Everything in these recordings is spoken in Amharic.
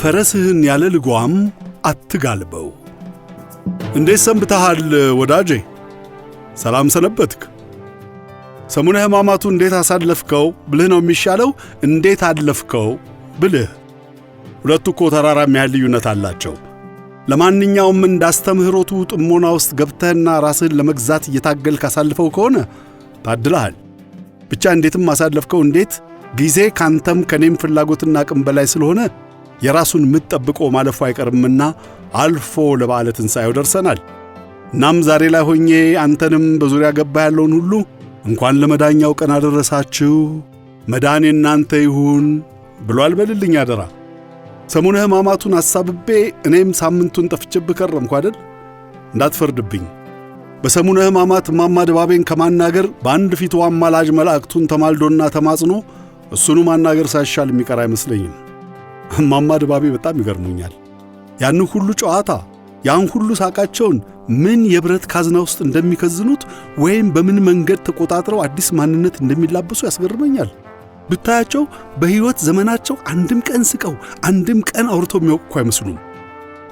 ፈረስህን ያለ ልጓም አትጋልበው። እንዴት ሰንብተሃል ወዳጄ? ሰላም ሰነበትክ? ሰሙነ ሕማማቱ እንዴት አሳለፍከው ብልህ ነው የሚሻለው፣ እንዴት አለፍከው ብልህ። ሁለቱ እኮ ተራራ ያህል ልዩነት አላቸው። ለማንኛውም እንዳስተምህሮቱ ጥሞና ውስጥ ገብተህና ራስህን ለመግዛት እየታገል አሳልፈው ከሆነ ታድለሃል። ብቻ እንዴትም አሳለፍከው እንዴት ጊዜ ካንተም ከኔም ፍላጎትና አቅም በላይ ስለሆነ የራሱን ምት ጠብቆ ማለፉ አይቀርምና አልፎ ለበዓለ ትንሣኤው ደርሰናል። እናም ዛሬ ላይ ሆኜ አንተንም በዙሪያ ገባ ያለውን ሁሉ እንኳን ለመዳኛው ቀን አደረሳችሁ፣ መዳኔ እናንተ ይሁን ብሏል። በልልኝ አደራ። ሰሙነ ሕማማቱን አሳብቤ እኔም ሳምንቱን ጠፍቼብህ ከረምኩ አደል እንዳትፈርድብኝ። በሰሙነ ሕማማት እማማ ድባቤን ከማናገር በአንድ ፊቱ አማላጅ መላእክቱን ተማልዶና ተማጽኖ እሱኑ ማናገር ሳይሻል የሚቀር አይመስለኝም። እማማ ድባቤ በጣም ይገርሙኛል። ያን ሁሉ ጨዋታ ያን ሁሉ ሳቃቸውን ምን የብረት ካዝና ውስጥ እንደሚከዝኑት ወይም በምን መንገድ ተቆጣጥረው አዲስ ማንነት እንደሚላበሱ ያስገርመኛል። ብታያቸው በሕይወት ዘመናቸው አንድም ቀን ስቀው አንድም ቀን አውርተው የሚያውቁ አይመስሉም።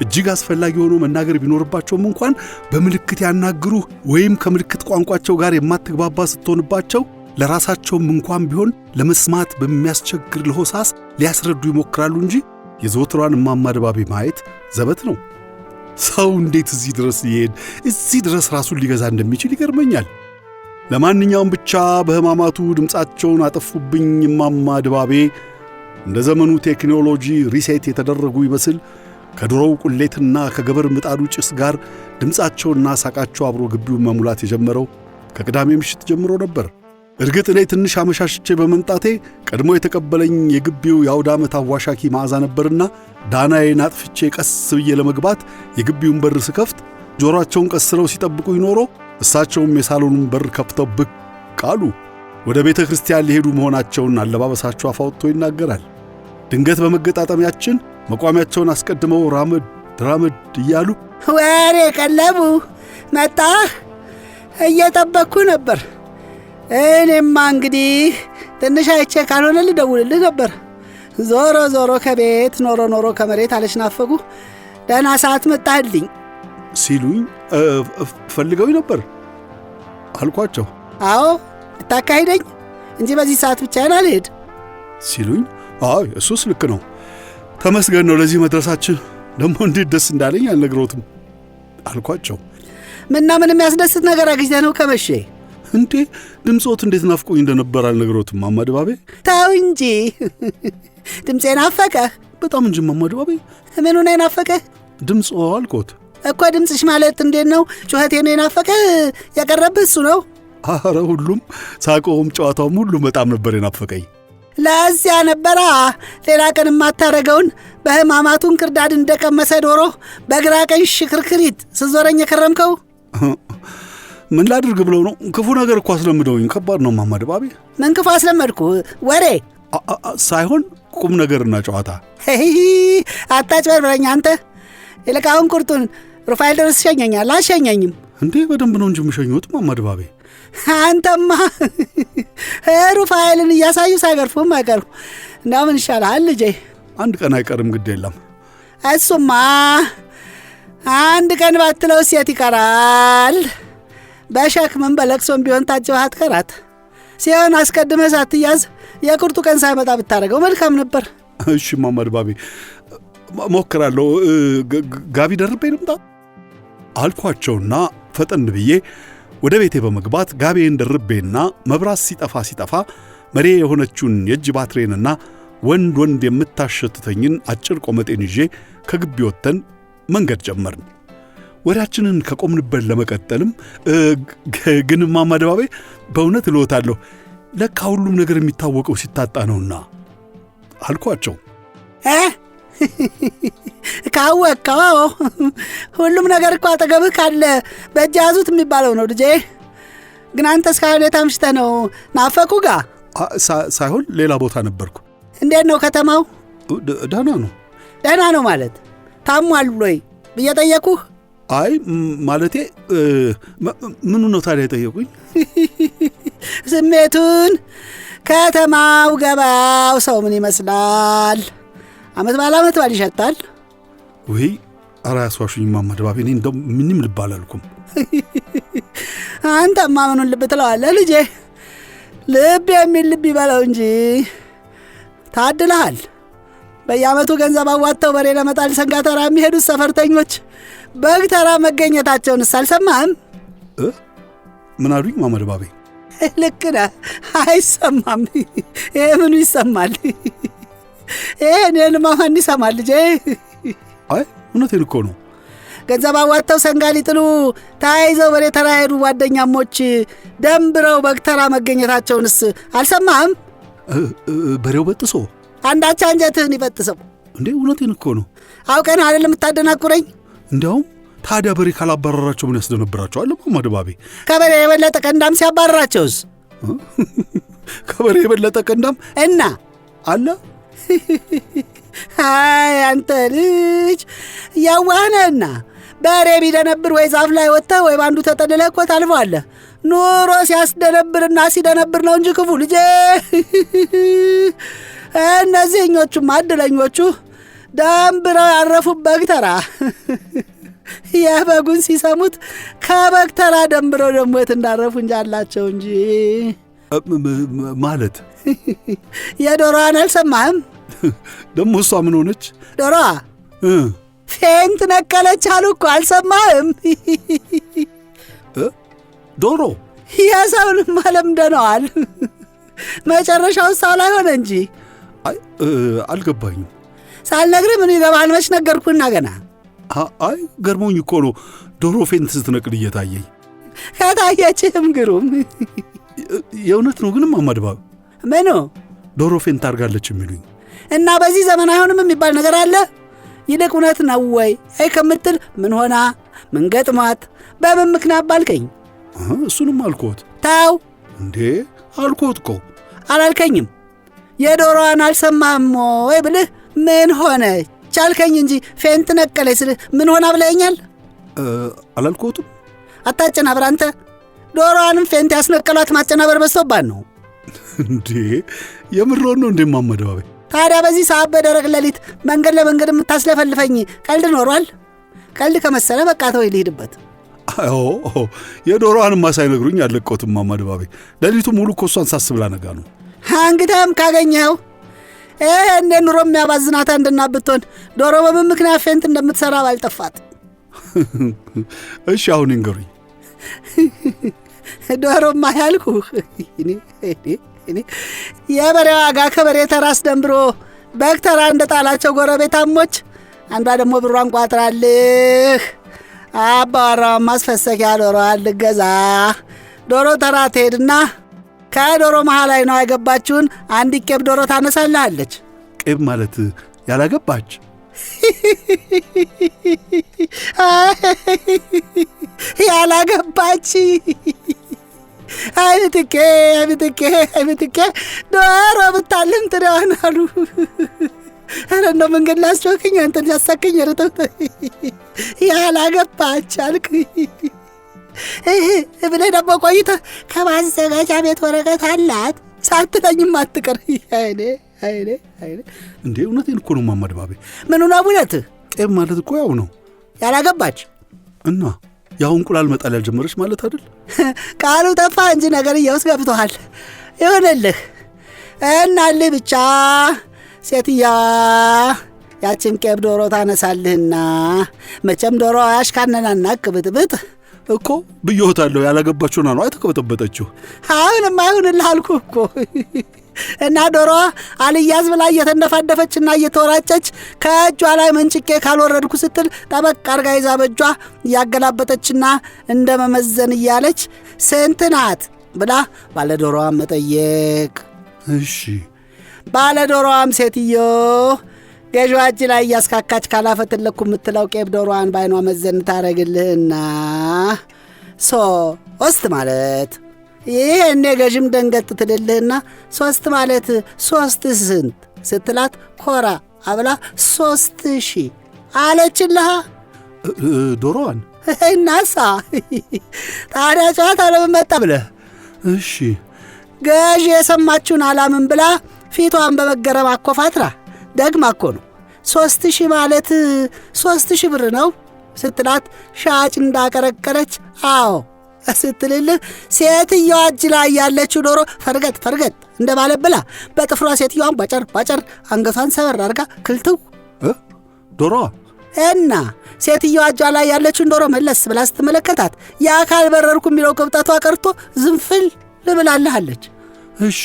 እጅግ አስፈላጊ ሆኖ መናገር ቢኖርባቸውም እንኳን በምልክት ያናግሩህ ወይም ከምልክት ቋንቋቸው ጋር የማትግባባ ስትሆንባቸው ለራሳቸውም እንኳን ቢሆን ለመስማት በሚያስቸግር ለሆሳስ ሊያስረዱ ይሞክራሉ እንጂ የዘወትሯን እማማ ድባቤ ማየት ዘበት ነው። ሰው እንዴት እዚህ ድረስ ይሄድ እዚህ ድረስ ራሱን ሊገዛ እንደሚችል ይገርመኛል። ለማንኛውም ብቻ በሕማማቱ ድምፃቸውን አጠፉብኝ እማማ ድባቤ እንደ ዘመኑ ቴክኖሎጂ ሪሴት የተደረጉ ይመስል ከድሮው ቁሌትና ከገበር ምጣዱ ጭስ ጋር ድምፃቸውና ሳቃቸው አብሮ ግቢውን መሙላት የጀመረው ከቅዳሜ ምሽት ጀምሮ ነበር። እርግጥ እኔ ትንሽ አመሻሽቼ በመምጣቴ ቀድሞ የተቀበለኝ የግቢው የአውደ ዓመት አዋሻኪ መዓዛ ነበርና ዳናዬን አጥፍቼ ቀስ ብዬ ለመግባት የግቢውን በር ስከፍት ጆሮአቸውን ቀስረው ሲጠብቁ ይኖሮ እሳቸውም የሳሎኑን በር ከፍተው ብቅ ቃሉ ወደ ቤተ ክርስቲያን ሊሄዱ መሆናቸውን አለባበሳቸው አፋወጥቶ ይናገራል። ድንገት በመገጣጠሚያችን መቋሚያቸውን አስቀድመው ራመድ ራመድ እያሉ ወሬ ቀለቡ መጣ እየጠበቅኩ ነበር እኔማ እንግዲህ ትንሽ አይቼ ካልሆነ ልደውልልህ ነበር። ዞሮ ዞሮ ከቤት ኖሮ ኖሮ ከመሬት አለሽናፈጉ ደህና ሰዓት መጣህልኝ ሲሉኝ ፈልገው ነበር አልኳቸው። አዎ እታካሂደኝ እንጂ በዚህ ሰዓት ብቻዬን አልሄድ ሲሉኝ፣ አይ እሱስ ልክ ነው። ተመስገን ነው ለዚህ መድረሳችን። ደግሞ እንዴት ደስ እንዳለኝ አልነግሮትም አልኳቸው። ምና ምንም የሚያስደስት ነገር አግኝተ ነው ከመቼ እንዴ ድምፆት እንዴት ናፍቆኝ እንደነበር አልነግሮትም። እማማ ድባቤ ተው እንጂ ድምፄ ናፈቀ በጣም እንጂ እማማ ድባቤ። ምኑ ነው የናፈቀህ? ድምፆ አልኮት እኮ ድምፅሽ ማለት እንዴት ነው? ጩኸቴ ነው የናፈቀ ያቀረብህ እሱ ነው? አረ ሁሉም ሳቀውም ጨዋታውም ሁሉ በጣም ነበር የናፈቀኝ። ለዚያ ነበራ ሌላ ቀን የማታረገውን በህማማቱን ክርዳድ እንደቀመሰ ዶሮ በግራ ቀኝ ሽክርክሪት ስዞረኝ የከረምከው ምን ላድርግ ብለው ነው? ክፉ ነገር እኮ አስለምደውኝ። ከባድ ነው ማማ ድባቤ። ምን ክፉ አስለመድኩ? ወሬ ሳይሆን ቁም ነገርና ጨዋታ። አታጭበርብረኝ አንተ። ይልቅ አሁን ቁርጡን ሩፋኤል ድረስ ሸኘኛል። አልሸኘኝም እንዴ? በደንብ ነው እንጂ የምሸኘሁት ማማ ድባቤ። አንተማ ሩፋኤልን እያሳዩ ሳይገርፉም አይቀሩ። እንደምን ይሻልሃል ልጄ? አንድ ቀን አይቀርም። ግድ የለም እሱማ አንድ ቀን ባትለው ሴት ይቀራል። በሸክምም በለቅሶም ቢሆን ታጅበህ አትከራት። ሲሆን አስቀድመህ ሳትያዝ የቁርጡ ቀን ሳይመጣ ብታደርገው መልካም ነበር። እሺ እማማ ድባቤ ሞክራለሁ። ጋቢ ደርቤ ልምጣ አልኳቸውና ፈጠን ብዬ ወደ ቤቴ በመግባት ጋቤን ደርቤና መብራት ሲጠፋ ሲጠፋ መሬ የሆነችውን የእጅ ባትሬንና ወንድ ወንድ የምታሸትተኝን አጭር ቆመጤን ይዤ ከግቢ ወጥተን መንገድ ጀመርን። ወዳችንን ከቆምንበት ለመቀጠልም ግን እማማ በእውነት እልዎታለሁ፣ ለካ ሁሉም ነገር የሚታወቀው ሲታጣ ነውና አልኳቸው። ካወቀው ሁሉም ነገር እኮ አጠገብህ ካለ በእጅ ያዙት የሚባለው ነው ልጄ። ግን አንተ እስካሁን የታምሽተ ነው ናፈቁ ጋ ሳይሆን ሌላ ቦታ ነበርኩ። እንዴት ነው ከተማው? ደህና ነው። ደህና ነው ማለት ታሟል ብሎይ ብዬ አይ ማለቴ ምኑ ነው ታዲያ የጠየቁኝ? ስሜቱን ከተማው ገባው ሰው ምን ይመስላል? አመት ባለ አመት ባል ይሸጣል ወይ? ኧረ ያስዋሹኝ ማማ ድባቤ፣ እኔ እንደው ምንም ልብ አላልኩም። አንተማ ምኑን ልብ ትለዋለህ ልጄ? ልብ የሚል ልብ ይበለው እንጂ ታድልሃል። በየአመቱ ገንዘብ አዋጥተው በሬ ለመጣል ሰንጋተራ የሚሄዱት ሰፈርተኞች በግ ተራ መገኘታቸውንስ አልሰማህም? ምን አሉኝ? ማመድ ባቤ ልክ ነህ። አይሰማም። ይህ ምኑ ይሰማል? ይህ እኔንማ ማን ይሰማል? ልጄ፣ አይ እውነቴን እኮ ነው። ገንዘብ አዋጥተው ሰንጋ ሊጥሉ ተያይዘው በሬ ተራ ሄዱ ጓደኛሞች ደንብረው በግ ተራ መገኘታቸውንስ አልሰማህም? በሬው በጥሶ አንዳቻ አንጀትህን ይበጥሰው። እንዴ እውነቴን እኮ ነው። አውቀን አይደለም የምታደናቁረኝ እንዲያውም ታዲያ በሬ ካላባረራቸው ምን ያስደነብራቸዋል? ማድባቤ ከበሬ የበለጠ ቀንዳም ሲያባረራቸውስ? ከበሬ የበለጠ ቀንዳም እና አለ። አይ አንተ ልጅ ያዋህነህና በሬ ቢደነብር ወይ ዛፍ ላይ ወጥተህ ወይ በአንዱ ተጠልለህ እኮ ታልፈዋለህ። ኑሮ ሲያስደነብርና ሲደነብር ነው እንጂ ክፉ ልጄ። እነዚህኞቹም አድለኞቹ ዳም ብለው ያረፉት በግ ተራ የበጉን ሲሰሙት ከበግ ተራ ደም ብለው ደግሞ የት እንዳረፉ እንጂ አላቸው እንጂ ማለት የዶሮዋን አልሰማህም? ደሞ እሷ ምን ሆነች? ዶሮዋ ፌንት ነቀለች አሉ እኮ አልሰማህም? ዶሮ የሰውንም አለምደነዋል። መጨረሻው እሷ ላይ ሆነ እንጂ አልገባኝም። ሳልነግርህ ምን ይገባል? መች ነገርኩህና ገና። አይ ገርሞኝ እኮ ነው ዶሮ ዶሮፌን ስትነቅል እየታየኝ። ከታየችህም ግሩም የእውነት ነው። ግን እማማ ድባብ ዶሮ ዶሮፌን ታርጋለች የሚሉኝ እና በዚህ ዘመን አይሆንም የሚባል ነገር አለ። ይልቅ እውነት ነው ወይ አይ ከምትል ምን ሆና ምን ገጥሟት በምን ምክንያት ባልከኝ። እሱንም አልኮት ታው እንዴ አልኮት እኮ አላልከኝም። የዶሮዋን አልሰማም ወይ ብልህ ምን ሆነ ቻልከኝ እንጂ ፌንት ነቀለች ስል ምን ሆና ብለኛል? አላልኩትም። አታጨናብር አንተ። ዶሮዋንም ፌንት ያስነቀሏት ማጨናበር በዝቶባት ነው እንዴ? የምሮን ነው እንደማመደባበ ታዲያ በዚህ ሰዓት በደረቅ ሌሊት መንገድ ለመንገድ የምታስለፈልፈኝ ቀልድ ኖሯል? ቀልድ ከመሰለ በቃ ተው ልሄድበት። አዎ የዶሮዋንማ ሳይነግሩኝ አልለቀውትም። ማማደባቤ ሌሊቱ ሙሉ እኮ እሷን ሳስብላ ነጋ ነው። አንግተም ካገኘው ይሄ ኑሮ የሚያባዝናት አንድና ብትሆን ዶሮ በምን ምክንያት ፌንት እንደምትሰራ ባልጠፋት። እሺ አሁን ይንገሩኝ። ዶሮማ ያልኩህ የበሬ ዋጋ ከበሬ ተራስ ደንብሮ በግ ተራ እንደ ጣላቸው ጎረቤታሞች፣ አንዷ ደግሞ ብሯን ቋጥራልህ አባዋራዋን ማስፈሰኪያ ዶሮ አልገዛ ዶሮ ተራ ትሄድና ከዶሮ መሃል ላይ ነው ያገባችውን አንድ ቄብ ዶሮ ታነሳልሃለች። ቄብ ማለት ያላገባች ያላገባች አይ ብትኬ አይ ዶሮ ብታልም ትደዋን አሉ። ኧረ እንደው መንገድ ላስጮኸኝ አንተን ያሳከኝ ርጥብ ያላገባች አልክ። ብለህ ደግሞ ቆይተ ከማዘጋጃ ቤት ወረቀት አላት ሳትለኝም አትቀር። አይኔ አይኔ አይኔ! እንዴ እውነቴን እኮ ነው እማማ ድባቤ። ምን ሆና ቡነት ጤብ ማለት እኮ ያው ነው ያላገባች እና ያው እንቁላል መጣል ያልጀመረች ማለት አይደል? ቃሉ ጠፋ እንጂ ነገር እየውስ ገብቶሃል። ይሁንልህ እናልህ ብቻ ሴትያ ያችን ቄብ ዶሮ ታነሳልህና መቼም ዶሮ አያሽካነናና ቅብጥብጥ እኮ ብዮታለሁ ያላገባችሁ ና ነው አይተከበጠበጠችሁ። አሁን የማይሆንልህ አልኩህ እኮ እና ዶሮዋ አልያዝ ብላ እየተነፋደፈች እና እየተወራጨች ከእጇ ላይ መንጭቄ ካልወረድኩ ስትል ጠበቅ አርጋ ይዛ በእጇ እያገላበጠችና እንደ መመዘን እያለች ስንት ናት ብላ ባለዶሮዋ መጠየቅ። እሺ ባለዶሮዋም ሴትዮ ገዥዋች ላይ እያስካካች ካላፈትለኩ የምትለው ቄብ ዶሮዋን ባይኗ መዘን ታረግልህና ሶስት ማለት ይህ እኔ ገዥም ደንገጥ ትልልህና ሶስት ማለት ሶስት ስንት ስትላት ኮራ አብላ ሶስት ሺ አለችልሃ ዶሮዋን። እናሳ ታዲያ ጨዋታ ለመመጣ ብለህ እሺ ገዥ የሰማችሁን አላምን ብላ ፊቷን በመገረም አኮፋትራ ደግማ እኮ ነው። ሦስት ሺህ ማለት ሦስት ሺህ ብር ነው ስትላት ሻጭ እንዳቀረቀረች አዎ ስትልልህ ሴትዮዋ እጅ ላይ ያለችው ዶሮ ፈርገጥ ፈርገጥ እንደ ባለ ብላ በጥፍሯ ሴትዮዋን ባጨር ባጨር አንገቷን ሰበር አርጋ ክልትው ዶሮ እና ሴትዮዋ እጇ ላይ ያለችውን ዶሮ መለስ ብላ ስትመለከታት የአካል በረርኩ የሚለው ቅብጠቷ ቀርቶ ዝንፍል ልብላለሃለች። እሺ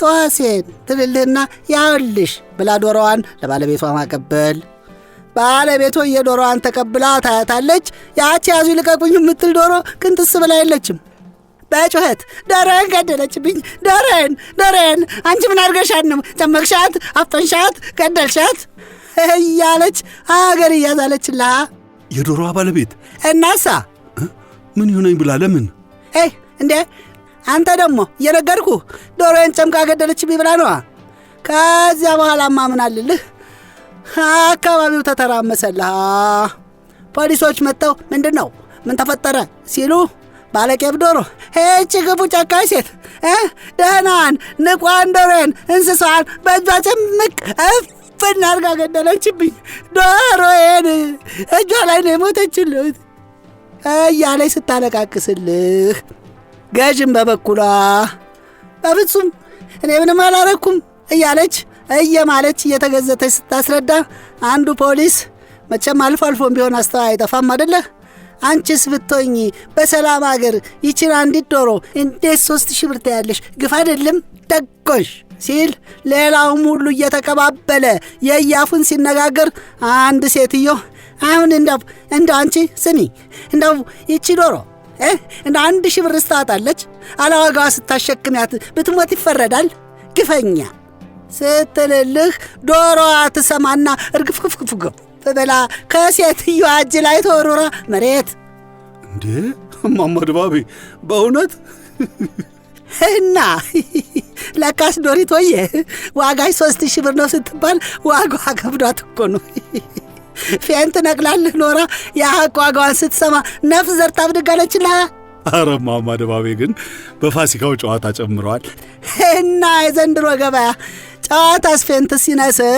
ተዋሴን ትልልህና ያውልሽ ብላ ዶሮዋን ለባለቤቷ ማቀበል። ባለቤቷ የዶሮዋን ተቀብላ ታያታለች። ያቺ ያዙ ይልቀቁኝ የምትል ዶሮ ክንትስ ብላ የለችም። በጩኸት ዶሮዬን ገደለችብኝ፣ ዶሮዬን ዶሮዬን፣ አንቺ ምን አድርገሻት ነው? ጨመቅሻት፣ አፈንሻት፣ ገደልሻት እያለች አገር እያዛለችላ የዶሮዋ ባለቤት እናሳ ምን ይሆነኝ ብላ ለምን እንዴ አንተ ደግሞ እየነገርኩ ዶሮዬን ጨምቃ ገደለች ብላ ነዋ። ከዚያ በኋላ ማምናልልህ አካባቢው ተተራመሰልህ። ፖሊሶች መጥተው ምንድን ነው ምን ተፈጠረ ሲሉ ባለቄብ ዶሮ ሄቺ ክፉ ጨካኝ ሴት ደህናን ንቋን ዶሮን እንስሳን በእጇ ጭምቅ እፍ እናድርጋ ገደለችብኝ። ዶሮዬን እጇ ላይ ነው የሞተችልት እያለች ስታለቃቅስልህ ገዥም በበኩሏ በፍጹም እኔ ምንም አላረኩም እያለች እየማለች እየተገዘተች ስታስረዳ አንዱ ፖሊስ መቼም አልፎ አልፎም ቢሆን አስተዋይ አይጠፋም አደለ? አንቺስ ብትሆኚ በሰላም አገር ይችን አንዲት ዶሮ እንዴት ሶስት ሺ ብር ትያለሽ? ግፍ አይደለም ደጎሽ ሲል ሌላውም ሁሉ እየተቀባበለ የእያፉን ሲነጋገር አንድ ሴትዮ አሁን እንደው እንደው አንቺ ስሚ እንደው ይቺ ዶሮ እንደ አንድ ሺህ ብር ስታጣለች አለዋጋዋ ስታሸክሚያት ብትሞት ይፈረዳል። ግፈኛ ስትልልህ ዶሮዋ ትሰማና እርግፍክፍክፍገብ ትብላ ከሴትዮዋ እጅ ላይ ተወርውራ መሬት። እንዴ እማማ ድባቤ በእውነት እና ለካስ ዶሪቶዬ ዋጋሽ ሶስት ሺህ ብር ነው ስትባል ዋጋዋ ከብዷት እኮ ነው። ፌን ትነቅላልህ ኖራ የሐቅ ዋጋዋን ስትሰማ ነፍስ ዘርታ ብድጋለችልሃ። አረ እማማ ደባቤ ግን በፋሲካው ጨዋታ ጨምረዋል እና የዘንድሮ ገበያ ጨዋታስ ፌንት ሲነስው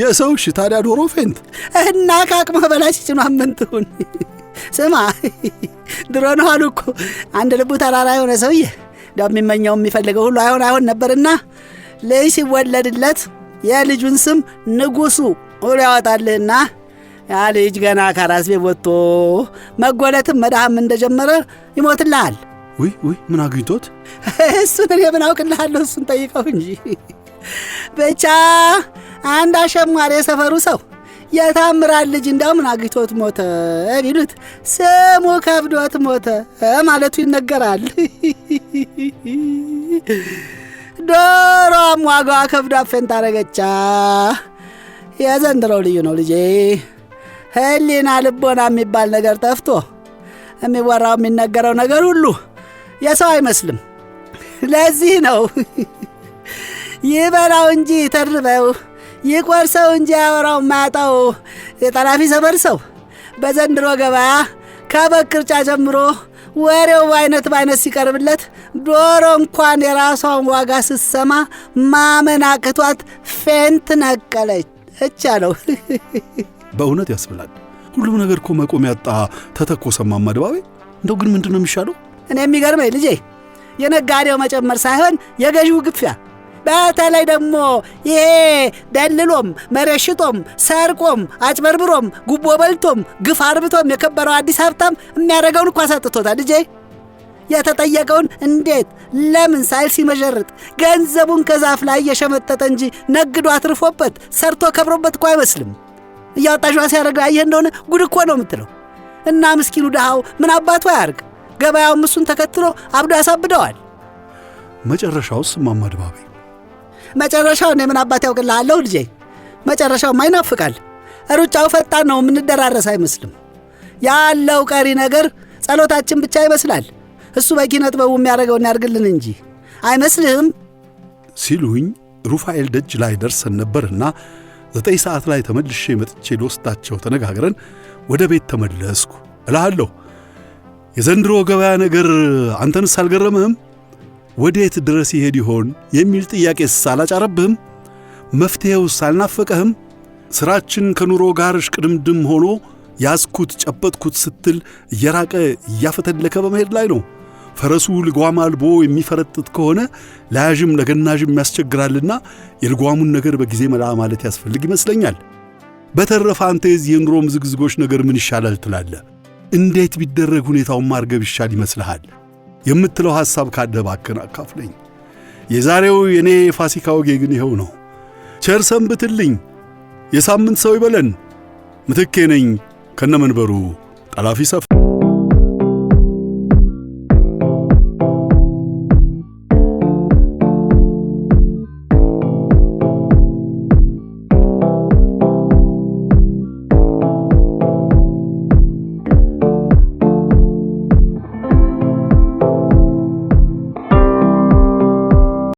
የሰው እሺ፣ ታዲያ ዶሮ ፌንት እና ከአቅመ በላሽ ሲጭኗ ምን ትሁን? ስማ ድሮ ነው አሉ እኮ አንድ ልቡ ተራራ የሆነ ሰውዬ እንደው የሚመኘው የሚፈልገው ሁሉ አይሆን አይሆን ነበርና ልጅ ሲወለድለት የልጁን ስም ንጉሱ ብሎ ያወጣልህና ያ ልጅ ገና ከራስ ቤት ወጥቶ መጎለትም መድሃም እንደጀመረ ይሞትልሃል። ውይ ውይ፣ ምን አግኝቶት? እሱን እኔ ምን አውቅልሃለሁ? እሱን ጠይቀው እንጂ። ብቻ አንድ አሸማሪ የሰፈሩ ሰው የታምራት ልጅ እንዳው ምን አግኝቶት ሞተ ቢሉት ስሙ ከብዶት ሞተ ማለቱ ይነገራል። ድሮም ዋጋዋ ከብዳ ፌንት ታረገቻ የዘንድሮው ልዩ ነው ልጄ። ህሊና ልቦና የሚባል ነገር ጠፍቶ የሚወራው የሚነገረው ነገር ሁሉ የሰው አይመስልም። ለዚህ ነው ይበላው እንጂ ተርበው ይቆርሰው እንጂ ያወራው ማጣው የጠላፊ ሰፈር ሰው በዘንድሮ ገበያ ከበግ ቅርጫ ጀምሮ ወሬው በአይነት በአይነት ሲቀርብለት ዶሮ እንኳን የራሷን ዋጋ ስትሰማ ማመን አቅቷት ፌንት ነቀለች። እቻለው በእውነት ያስብላል። ሁሉም ነገር እኮ መቆም ያጣ ተተኮ ሰማማ እንደው ግን ምንድን ነው የሚሻለው? እኔ የሚገርመኝ ልጄ የነጋዴው መጨመር ሳይሆን የገዢው ግፊያ በተለይ ደግሞ ይሄ ደልሎም መሬት ሽጦም ሰርቆም አጭበርብሮም ጉቦ በልቶም ግፍ አርብቶም የከበረው አዲስ ሀብታም የሚያደርገውን እኳ ሰጥቶታል ልጄ። የተጠየቀውን እንዴት፣ ለምን ሳይል ሲመዠርጥ ገንዘቡን ከዛፍ ላይ እየሸመጠጠ እንጂ ነግዶ አትርፎበት ሰርቶ ከብሮበት እኮ አይመስልም። እያወጣሿ ሲያደርግ አየህ እንደሆነ ጉድ እኮ ነው የምትለው። እና ምስኪኑ ድሃው ምን አባቱ አያርግ፣ ገበያውም እሱን ተከትሎ አብዶ ያሳብደዋል። መጨረሻውስ እማማ ድባቤ? መጨረሻው እኔ ምን አባት ያውቅልሃለሁ ልጄ። መጨረሻውማ ይናፍቃል። ሩጫው ፈጣን ነው፣ የምንደራረስ አይመስልም። ያለው ቀሪ ነገር ጸሎታችን ብቻ ይመስላል። እሱ በኪነ ጥበቡ የሚያደርገውን ያድርግልን እንጂ አይመስልህም? ሲሉኝ ሩፋኤል ደጅ ላይ ደርሰን ነበርና ዘጠኝ ሰዓት ላይ ተመልሼ መጥቼ ልወስዳቸው ተነጋግረን ወደ ቤት ተመለስኩ። እልሃለሁ የዘንድሮ ገበያ ነገር አንተንስ አልገረምህም? ወዴት ድረስ ይሄድ ይሆን የሚል ጥያቄስ አላጫረብህም? መፍትሔውስ አልናፈቀህም? ሥራችን ከኑሮ ጋር ሽቅድምድም ሆኖ ያዝኩት ጨበጥኩት ስትል እየራቀ እያፈተለከ በመሄድ ላይ ነው። ፈረሱ ልጓም አልቦ የሚፈረጥጥ ከሆነ ለያዥም ለገናዥም ያስቸግራልና የልጓሙን ነገር በጊዜ መላ ማለት ያስፈልግ ይመስለኛል። በተረፈ አንተ የዚህ የኑሮ ምዝግዝጎች ነገር ምን ይሻላል ትላለህ? እንዴት ቢደረግ ሁኔታውን ማርገብ ይሻል ይመስልሃል? የምትለው ሐሳብ ካለ አካፍለኝ። የዛሬው የእኔ የፋሲካ ወጌ ግን ይኸው ነው። ቸር ሰንብትልኝ። የሳምንት ሰው ይበለን። ምትኬ ነኝ ከነመንበሩ ጠላፊ ሰፍ